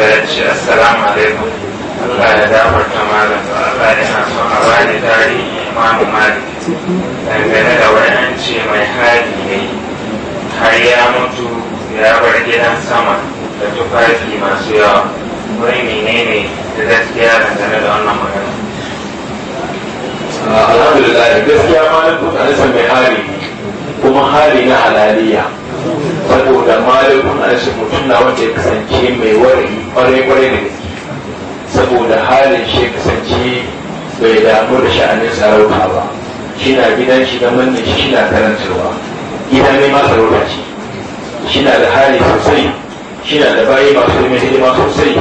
tambaya ce assalamu alaikum Allah ya damar ta malam to a bani tarihi imamu malik dangane da wayan ce mai hali ne har ya mutu ya bar gidan sama da tufafi masu yawa wai menene da gaskiya dangane da wannan magana ah, alhamdulillah gaskiya malam mai kuma na saboda malikun arshin mutum na wanda ya kasance mai wari kwarai-kwarai da gaske saboda halin shi kasance bai damu da sha'anin sarauta ba shi na gidan shi da manne shi na karantarwa gida ne ma sarauta ce shi na da hali sosai shi na da bayi masu mai hidima sosai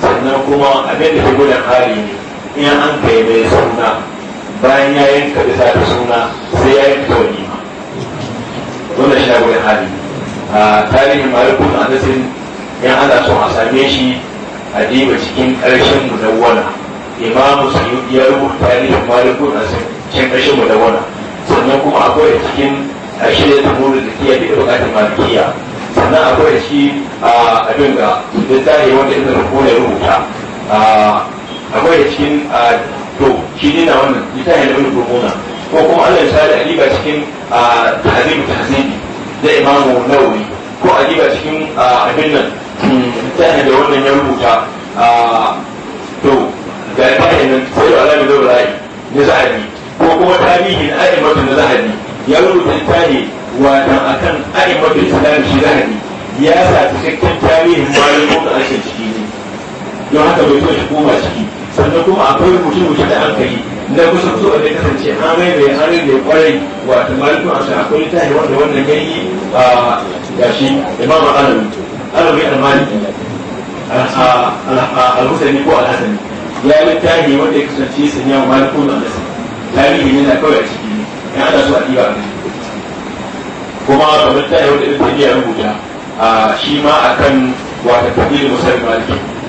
sannan kuma abin da ke gudan hali ne in an kai mai suna bayan ya yanka bisa da suna sai ya yanka wani ma wannan shi na gudan hali ne a tarihin malikun anasin yan ana son a same shi a diba cikin ƙarshen mudawwana imamu sayyidi ya rubuta tarihin malikun anasin cikin ƙarshen mudawwana sannan kuma akwai cikin ashirin da mulu da kiyar da bukatun malikiya sannan akwai shi a abin ga littafi wanda ina da kone rubuta akwai cikin to shi ne na wannan littafi na wani ko kuma Allah ya sa da aliba cikin tahzibu tahzibi da imamu nawawi ko a gida cikin abin nan yi da wannan ya rubuta to ga bayan nan sai da alamin da rai na zahabi ko kuma tarihin a'immatu na zahabi ya rubuta littafi watan akan a'immatu islam shi zahabi ya sa cikakken tarihin malamin da ake ciki ne don haka bai so shi koma ciki sannan kuma akwai mutum rubuce da an kai na kusan zuwa da kasance amai raibe an raibe kwarai wato maliku a sa akwai yi wanda wannan gani a gashi imam alawi alawi almaliki al-husaini ko al-hasani ya yi littafi wanda ya kasance sanya wa maliku na alasi tarihi na kawai a ciki ya ana so a ɗiba kuma kamar littafi wanda ya rubuta shi ma akan wata tafiye musamman maliki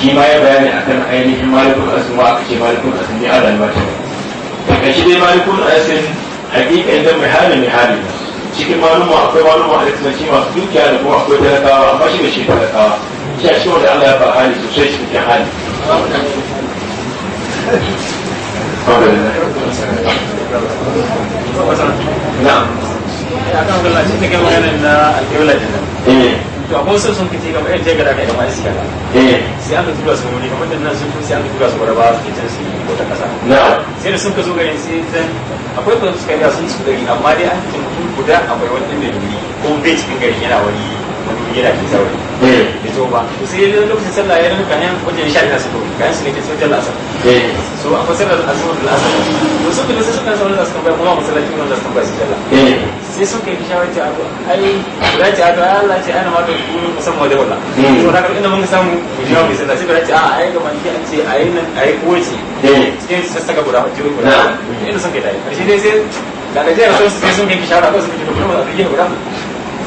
shi ma ya bayani kan ainihin malikul asin wa aka ce malikul asin ne ala albata daga shi dai malikul asin hakika idan mai hali mai hali cikin malumma akwai malumma a likitanci masu dukiya da kuma akwai talakawa amma shi da shi talakawa shi a cikin wanda Allah ya ba hali sosai shi cikin hali na'am to akwai sun sun kace kamar irin jagara kai kamar iska eh sai aka tura su wani kamar sun sai aka tura su ba su su kasa na'am sai da sun ka zo garin sai ta akwai kuma suka yi sun su gari amma dai an mutum guda akwai wani ɗan ko bai cikin garin yana wani yana kin zaure eh. bai zo ba to sai lokacin sallah ya rinka kayan wajen sha ta su kayan su ne ke sojan asar eh. so a fasar da azumar da asar to sun kula suka sauran da suka bai kuma masallacin wanda suka bai su eh. sai sun kai shawar ta abu ai da ta abu Allah ce ana ma da musamman da wala to da kan inda mun samu mu shawar mai sallah sai da ce a ai ga manki an ce ai nan ai kowace cikin sassaka guda hujjoji guda inda sun kai dai karshe dai sai da ga sun sai sun kai shawar ko sun kai guda guda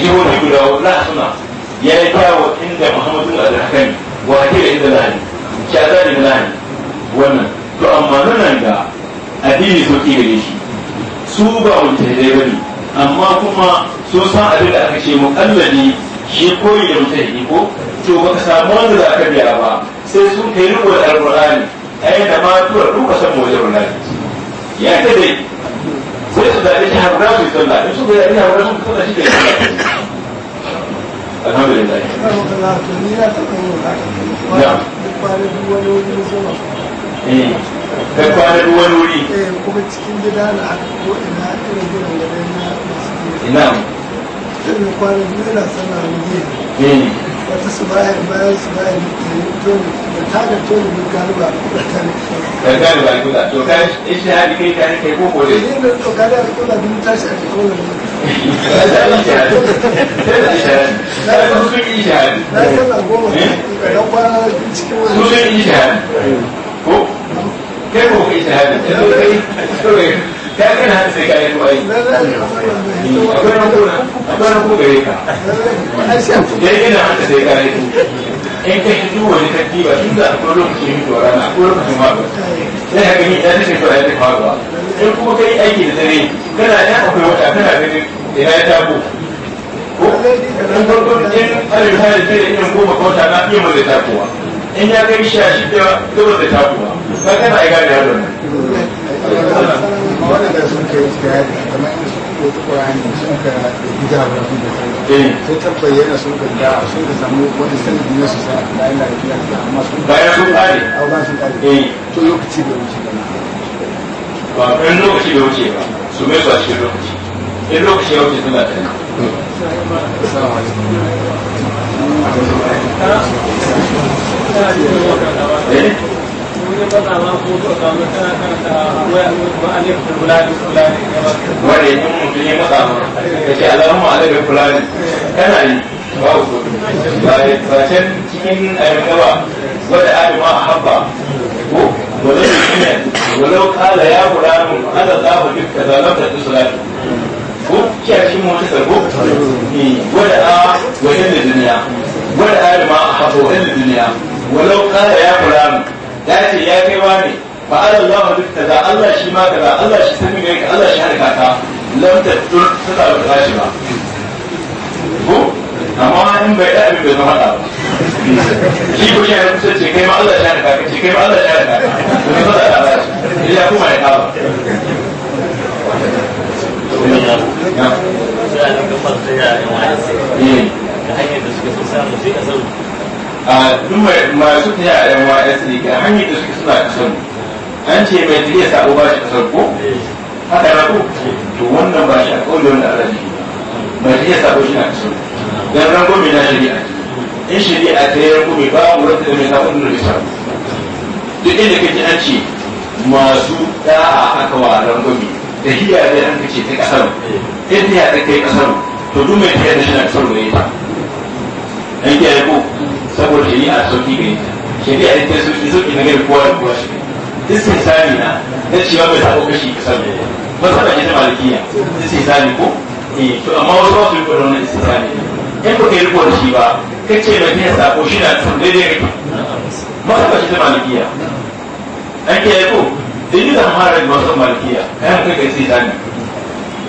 jihohi guda wani suna ya yi kyawo inda muhammadu a zarkani wa hakira inda lani shi a zarin lani wannan to amma nunan ga addini so ki gare shi su ba wancan mutane ba ne amma kuma sun san abin da aka ce mu ne shi koyi da mutane ko to baka samu wanda za ka biya ba sai sun kai riko da alƙur'ani a yadda ma tura duka san mu wajen ya ta dai sai su zaɓi shi haɓura su yi sallah in suka zaɓi su yi sallah shi eh, kai kwana duk wani wuri eh, kuma cikin gida na aka ko ina irin gidan da na masu ina kwana duk yana sallah eh. wuri wata su bayan bayan su bayan toni da tagar toni da galiba da tare da galiba da kula to kai ishi ha da kai ta ne kai ko ko ne to kada da kula da mutar shi a cikin wannan na san na goma da eh? dan kwana cikin wannan sun yi shahadi ko kai ko kai shahadi ta yi kana sai ka yi kuma yi akwai na akwai na gare ka ya yi kana sai ka yi in ka yi duk wani ba tun da akwai lokacin yi tuwa rana akwai lokacin ma ba sai ka gani ya tashi tuwa ya tafi faruwa in kuma ka yi aiki da dare kana ya akwai wata kana ganin ina ya tabo ko in farkon in arewa da irin goma kawta na iya mai da takowa in ya kai sha shida gaba da takowa ba kana ya gane yadda jihadi kamar yadda suka ɗauki ƙurani sun ka da eh. sun ka na su sai da yana da kiyar bayan sun ƙare a bayan sun ƙare eh. to lokaci bai wuce ba ba ɗan lokaci bai wuce ba su mai ba lokaci in lokaci ya wuce suna tana Eh? wanda ya kuma mutum ya matsa ma da ke alamun alaɓe fulani kana yi ba cikin abin gaba wadda abin ma a ko wadda su shine walau kala ya fulani ana zaɓa duk da zaɓar da islami ko kiyashin mutu sarko wadda a wajen da duniya wadda abin ma a haɓa wajen da duniya walau kala ya fulani dace ya ce kai wa ne fa Allah duk kaza Allah shi ma kaza Allah shi sani ne ka Allah shi harka ta lam ta tur ta ta ba shi ba ko amma in bai da abin bai zama hada shi ko shi ce kai ma Allah shi harka ka ce kai ma Allah shi harka ka ba da ba shi ya kuma ya duk masu ta yara yan wa yan sirika hanyar da suke suna kasar an ce mai tafiya sabo ba shi kasar ko haka na ko to wannan ba shi a kawai wanda ala shi mai tafiya sabo shi na kasar dan ran gobe na shari'a in shari'a ta yi ran gobe babu rasa da mai sabo da mai sabo duk inda kake an ce masu da'a aka wa ran gobe da hiya dai an kace ta kasar in ta yara kai kasar to duk mai tafiya da shi na kasar da ta an kiyaye ko saboda shari'a sauki gare ta shari'a ita sauki sauki na gari kowa da kowa shi istisani na na cewa bai zaɓo kashi kasar da ba sa bai ta sai istisani ko eh to amma wasu wasu riko da wannan istisani in ba kai riko da shi ba ka ce mai fiye sako shi na tun daidai ne ba sa bai ta ya an ke ko da yi da mara da wasu malikiya kayan kai ka istisani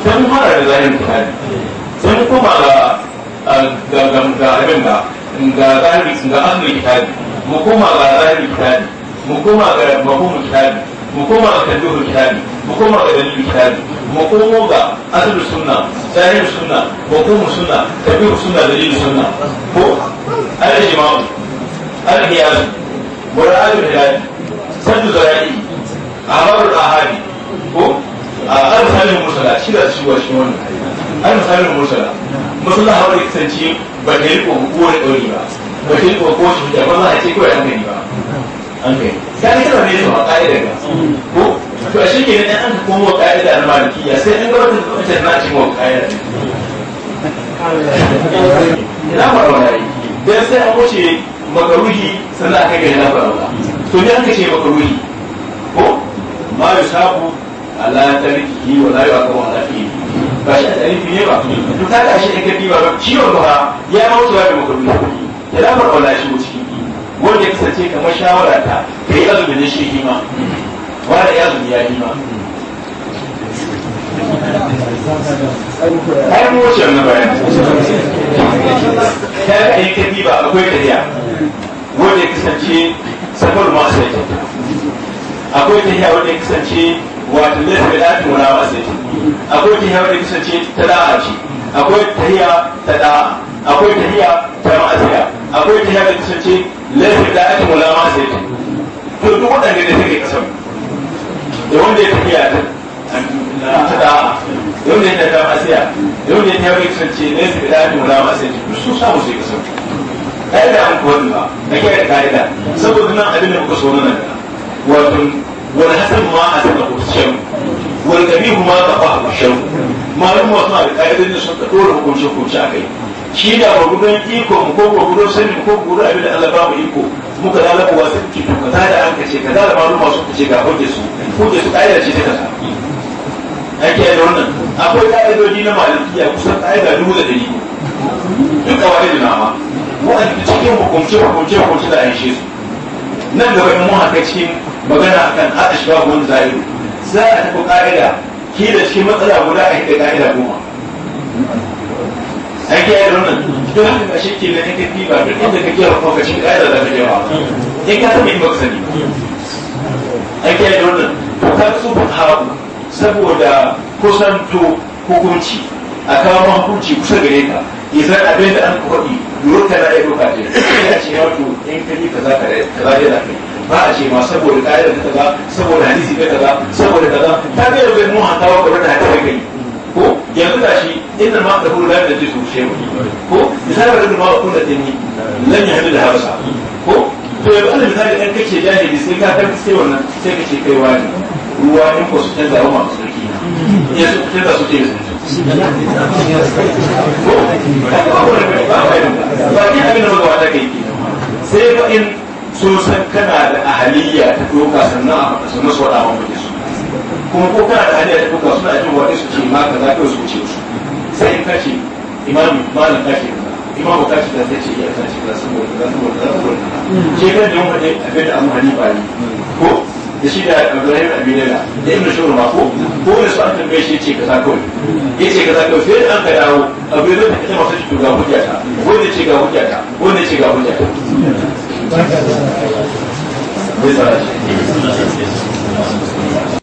sai mu mara da zahirin kuɗaɗe sai mu koma ga ga ga ga ga ga gari ga kitabi mu koma ga gari kitabi mu koma ga mafhumul kitabi mu koma ga tanduhul kitabi mu koma ga dalilul kitabi mu komo ga aslu sunna sahih sunna hukum sunna tabi'u sunna dalil sunna ko al-ijma'u al-qiyas wa ra'atul hilal sadu zara'i amarul ahadi ko a arsalin musala shi da shi wa shi wannan arsalin musala musalla hawari kasance ba ta riko ko wani ɗauri ba ba ta riko ko wani hujja ba za a ce kawai an gani ba an gani ta ne tana ne zuwa ƙa'idar ga ko to a shirke ne an ka komo ƙa'ida na malikiya sai an gabatar da wancan na cikin wani ƙa'ida ne na faruwa na yi dan sai an wuce makaruhi sannan aka gani na faruwa to ne an ka ce makaruhi ko ma yusabu ala tarkihi wa la yuqamu ala fihi ba shi da ba to ta tashi da kabi ba ciwon ba ya ma wucewa da makaruna ya da farko shi wuce ki wanda ya kasance kamar shawara ta kai shi hima wanda ya azumi ya hima ai mu wuce na bayan ta ga yi ba akwai kariya wanda ya kasance safar masu yake akwai kariya wanda ya kasance wato ne su da ta wala akwai ki hawa da ce ta da'a ce akwai tahiya ta da'a akwai tahiya ta ma'asiya akwai tahiya da kasance lafi da ta wala wasa ce to duk waɗanda da suke kasar da wanda ya tafiya ta ta da'a da wanda ya ta ma'asiya da wanda ya hawa da da'a lafi da ta wala wasa su samu sai kasar kai da an kuwa ba da kai da kai saboda nan abin da kuka so nan wato والحسن ما أسبه الشم والكبير ما تفاه الشم a لم da بالآيات إن ka دوله كل شيء a kai shi da gurgudun iko mu ko gurgudun sirri ko gurgudun abin da Allah ba mu iko muka lalaba wasu kito da an kace ka da malum masu kace ga hoje su hoje su kaida ce ta kaza ake da wannan akwai kaidoji na malikiya kusan kaida dubu da dari duk a wani dinama wa'anda cikin hukumce hukumce hukumce da an shi su nan gaba in mun haka cikin magana akan a ashbahu wani zahiru za a tafi ƙa'ida ki da cikin matsala guda a hita ka'ida goma an kiyaye da wannan don haka ka shi na yake ba duk inda ka kiyaye cikin ka'ida za ka jawa in ka taɓa in ka sani an kiyaye da wannan to ka su haku saboda to hukunci a kawo hukunci kusa gare ka idan abin da an kwaɗi lura na ya doka ce ya ce ya wato in ka yi ka za ka zafi ba a ce ma saboda ka'idar ta kaza saboda hadisi ka kaza saboda kaza ta ga yau bai muhan tawa ko da hadisi kai ko yanzu da shi inda ma da hulu da ji su ko misali da ma ko da tini lan ya hadu da hausa ko to yanzu Allah misali kace jahili sai ka tafi sai wannan sai ka ce kai wani ruwa in ko su canza wa masu sarki su su ce ko ba ba ba ba ba ba ba ba ba ba ba ba ba ba ba ba ba ba sun san kana da ahaliyya ta doka sannan a fata sannan su wada wa mutum su kuma ko kana da ahaliyya ta doka suna jin waɗe su ce ma ka za su ce su sai in kace imamu malam kace kaza imamu kace da zai ce iya kace kaza saboda kaza saboda za su kaza ce kan da yawan faɗe abin da amma hani ba ne ko da shi da abdullahi da abinala da yin shuru ma ko ko da su an tambaye shi ce kaza kawai ya ce kaza kawai sai an ka dawo abin da ta masu shi ga hujjata ko da ce ga hujjata ko da ce ga hujjata 为啥？